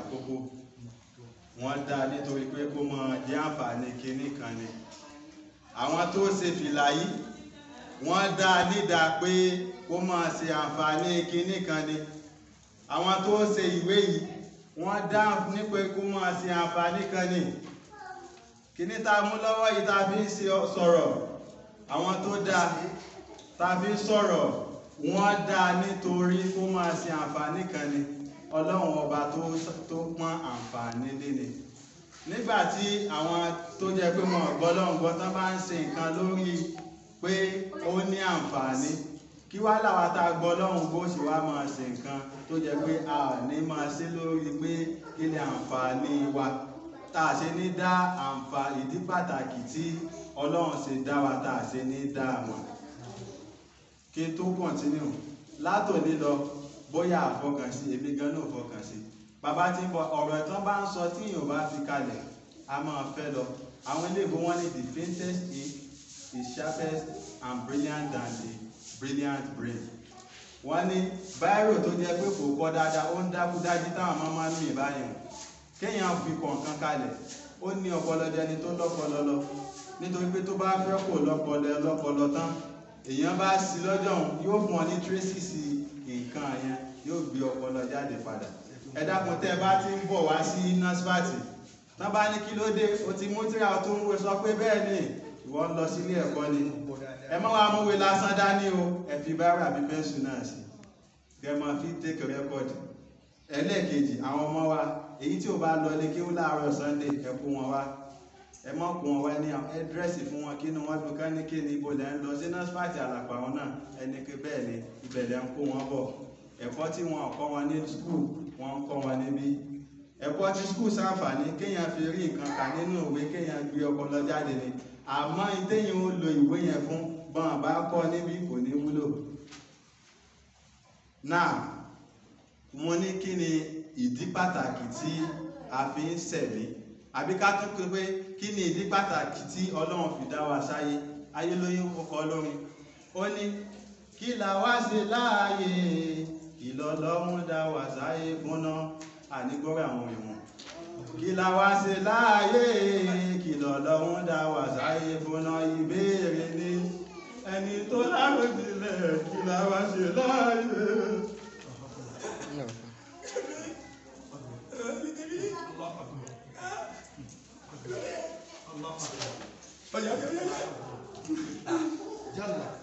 àkókò wọ́n dá nítorí pé kó mọ jẹ́ àǹfààní kinní kan ni àwọn tó ṣe fìlà yìí wọ́n dá nídà pé kó mọ ṣe àǹfààní kinní kan ni àwọn tó ṣe ìwé yìí wọ́n dá nípe kó mọ ṣe àǹfààní kan ni kinní tá mú lọ́wọ́ yìí tá fi ń sọ̀rọ̀ àwọn tó dá tá fi sọ̀rọ̀ wọ́n dá nítorí kó mọ ṣe àǹfààní kan ni ọlọ́run ọba tó pọ́n àǹfààní líle nígbà tí àwọn tó jẹ́ pé wọn ọ̀gbọ́ lọ́hùn gbọ́ tán bá ń ṣe nǹkan lórí pé ó ní àǹfààní kí wá làwa tá a gbọ́ lọ́hùn bó ṣe wá máa ṣe nǹkan tó jẹ́ pé a ní máa ṣe lórí pé kí ni àǹfààní wa tá a ṣe ní dá àǹfààní ìdí pàtàkì tí ọlọ́run ṣe dá wa tá a ṣe ní dá a mọ̀ kí tó kọ̀ntínú látòní lọ bóyá àfọkànsí èmi gan náà fọkànsí bàbá tí ń bọ ọ̀rọ̀ ẹ̀tàn bá ń sọ tí yóò bá fi kalẹ̀ a máa fẹ́ lọ àwọn iléèbó wọn ní the faintest in is sharpest and brilliant than the brilliant brain wọ́n ní báírò tó jẹ́ pé kò kọ́ dáadáa ó ń dákú dájú táwọn máa máa ń mì báyìí hàn kéèyàn fi kọ̀ọ̀kan kalẹ̀ ó ní ọpọlọ jẹni tó lọ́pọlọ lọ nítorí pé tó bá fẹ́ kó lọ́pọlọ lọ́pọlọ tán èèyàn bá sí lọ́jọ́ yóò fún ọ ní tracy sí nǹkan yẹn jáde padà ẹ dákun tẹ́ ẹ bá ti ń bọ̀ wá sí nasfati tán bá ní kí ló dé o ti mú tíra tó ń wé sọ pé bẹ́ẹ̀ ni ìwọ ń lọ sílé ẹ̀kọ́ ni ẹ má wàá múwe lásán dání o ẹ fi bára mi pẹ́ńsù náà sí kẹ máa fi tẹ́kẹ̀ rẹ́kọ̀dì ẹlẹ́ẹ̀kejì àwọn ọmọ wa èyí tí ò bá lọ lé kí ó láàárọ̀ sunday ẹ kó wọn wá ẹ mọ̀ kó wọn wá ní ẹ dírẹ́sì fún wọn kí ni wọ́n dùn ká ní kí ni ibo lẹ́ ń lọ sí nasfati àlàpà wọn náà ẹni bẹ́ẹ̀ ni ibẹ̀ lẹ́ ń kó wọn bọ̀ ẹ̀kọ́ tí wọn kọ́ wọn ní skul wọn kọ́ wọn níbí ẹ̀kọ́ tí skul ṣàǹfààní kéèyàn fi rí nǹkan kà nínú ìwé kéèyàn gbé ọpọlọ jáde ni àmọ́ téèyàn ó lo ìwé yẹn fún bọ́n àbá kọ́ níbí kò ní wúlò. náà mo ní kí ni ìdí pàtàkì tí a fi ń ṣẹ̀mí àbí ká tún pé kí ni ìdí pàtàkì tí ọlọ́run fi dá wa sáyé ayé lóyún kọkọ ó ní kí la wá ṣe láàyè lọ́múdá wàsáyé kúnná ànígbọ́rọ̀ àwọn ìwọ̀n kí la wá ṣe láàyè kìlọ̀ lọ́múdá wàsáyé kúnná ìbéèrè ni ẹni tó láròjìnlẹ̀ kí la wá ṣe láàyè. Allah. Allah. Allah. Allah.